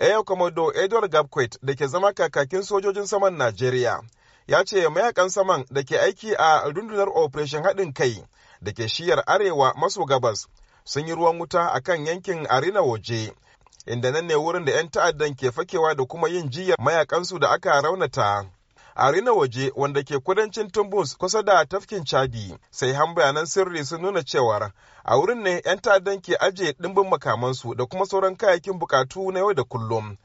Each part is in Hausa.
Air Komodo Edward Gabquet da ke zama kakakin sojojin saman Najeriya ya ce mayakan saman da ke aiki a rundunar Operation haɗin kai da ke shiyar arewa maso gabas sun yi ruwan wuta a kan yankin Arena waje. Inda nan ne wurin da 'yan ta'addan ke fakewa da kuma yin jiyar mayakansu da aka raunata. a rina waje wanda ke kudancin tumbus kusa da tafkin chadi sai han bayanan sirri sun nuna cewar a wurin ne 'yan ta'addan ke ajiye dimbin makamansu da kuma sauran kayayyakin bukatu na yau da kullum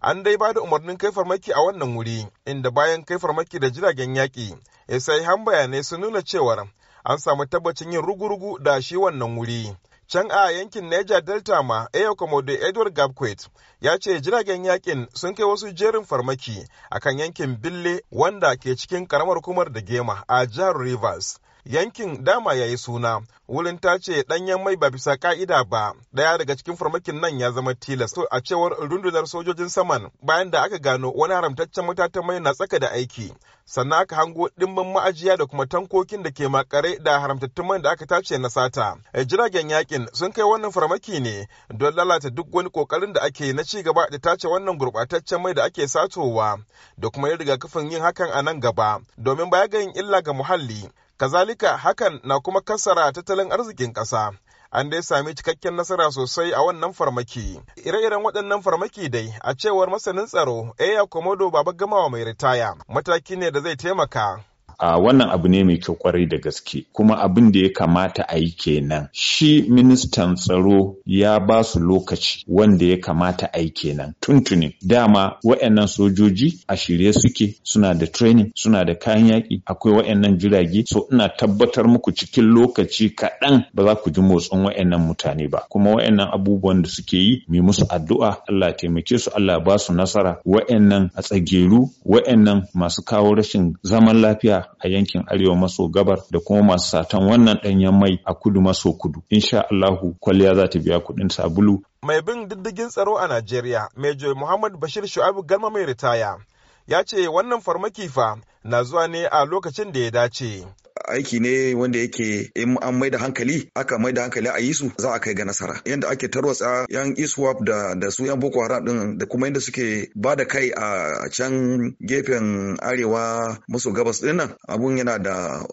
an dai ba da umarnin kai farmaki a wannan wuri inda bayan kai farmaki da jiragen yaƙi sai han bayanai sun nuna cewar an samu tabbacin yin rugurugu da shi wannan wuri Can a yankin Niger Delta ma Air Commodore Edward Gabquet ya ce jiragen yakin sun kai wasu jerin farmaki akan yankin Bille wanda ke cikin karamar kumar da Gema a jihar Rivers. yankin dama ya yi suna wurin ta ce danyen mai ba bisa ka'ida ba daya daga cikin farmakin nan ya zama tilas a cewar rundunar sojojin saman bayan da aka gano wani haramtaccen matatan mai na tsaka da aiki sannan aka hango dimbin ma'ajiya da kuma tankokin da ke makare da haramtattun man da aka tace na sata eh, jiragen yakin sun kai wannan farmaki ne don lalata duk wani kokarin da ake na ci gaba da tace wannan gurbataccen mai da ake satowa da kuma yin rigakafin yin hakan a nan gaba domin baya ga yin illa ga muhalli Kazalika hakan na kuma kassara tattalin arzikin ƙasa. an dai sami cikakken nasara sosai a wannan farmaki. Ire-iren waɗannan farmaki dai a cewar masanin tsaro Eya Komodo Baba Gamawa mai ritaya mataki ne da zai taimaka a wannan abu ne mai kyau kwarai da gaske kuma abin da ya kamata a yi kenan shi ministan tsaro ya ba su lokaci wanda ya kamata a yi kenan tuntuni dama wa'annan sojoji a shirye suke suna da training suna da kayan yaƙi akwai wa'annan jirage so ina tabbatar muku cikin lokaci kaɗan ba za ku ji motsin wa'annan mutane ba kuma wa'annan abubuwan da suke yi mai musu addu'a Allah taimake su Allah ba su nasara wa'annan a tsageru wa'annan masu kawo rashin zaman lafiya a yankin arewa maso gabar da kuma masu satan wannan ɗanyen mai a kudu maso kudu insha Allahu kwalliya za ta biya kuɗin sabulu mai bin diddigin tsaro a Najeriya Major Muhammad Bashir Shu'abu Galma mai ritaya ya ce wannan farmaki fa na zuwa ne a lokacin da ya dace aiki ne wanda yake in an mai da hankali aka mai da hankali a yi su za a kai ga nasara Yadda ake tarwatsa yan iswap e da da su yan boko haram din da kuma yadda suke ba da kai a can gefen arewa maso gabas din nan abun yana da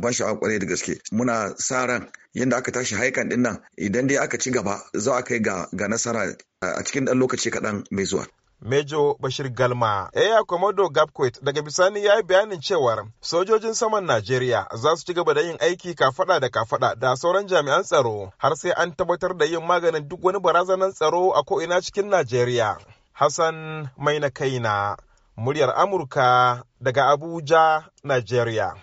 ban sha'awa kwarai da gaske muna sa ran yadda aka tashi haikan din nan idan dai aka ci gaba za a kai ga nasara a cikin ɗan lokaci kaɗan mai zuwa. Mejo Bashir Galma. Eya Komodo Gapquet daga bisani ya yi bayanin cewar sojojin saman Najeriya za su ci gaba da yin aiki kafada da kafada da sauran jami'an tsaro har sai an tabbatar da yin maganin duk wani barazanar tsaro a ko'ina cikin Najeriya. Hassan mai Maina Kaina, muryar Amurka daga Abuja, Najeriya.